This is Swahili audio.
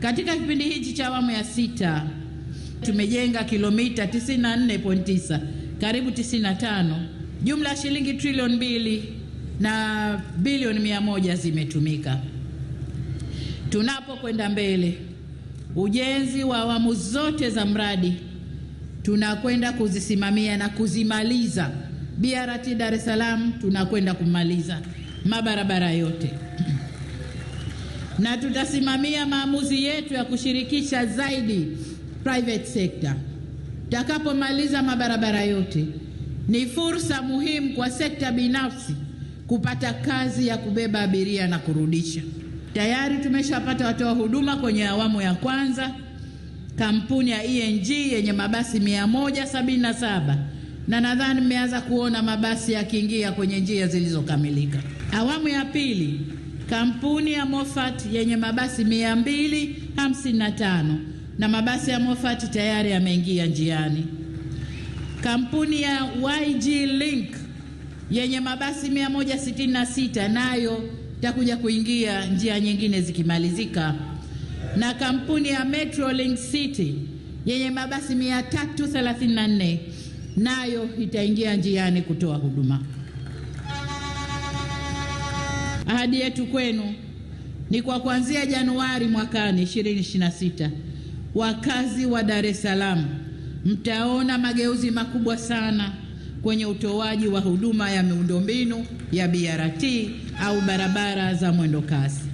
Katika kipindi hichi cha awamu ya sita tumejenga kilomita 94.9 karibu 95, jumla ya shilingi trilioni mbili na bilioni mia moja zimetumika. Tunapokwenda mbele, ujenzi wa awamu zote za mradi tunakwenda kuzisimamia na kuzimaliza. BRT Dar es Salaam tunakwenda kumaliza mabarabara yote na tutasimamia maamuzi yetu ya kushirikisha zaidi private sector. Tutakapomaliza mabarabara yote, ni fursa muhimu kwa sekta binafsi kupata kazi ya kubeba abiria na kurudisha. Tayari tumeshapata watoa huduma kwenye awamu ya kwanza, kampuni ya ENG yenye mabasi 177 na nadhani mmeanza kuona mabasi yakiingia kwenye njia zilizokamilika. Awamu ya pili kampuni ya Mofat yenye mabasi 255 na mabasi ya Mofat tayari yameingia njiani. Kampuni ya YG Link yenye mabasi 166 nayo takuja kuingia njia nyingine zikimalizika, na kampuni ya Metrolink City yenye mabasi 334 nayo itaingia njiani kutoa huduma. Ahadi yetu kwenu ni kwa kuanzia Januari mwakani 2026 wakazi wa Dar es Salaam mtaona mageuzi makubwa sana kwenye utoaji wa huduma ya miundombinu ya BRT au barabara za mwendo kasi.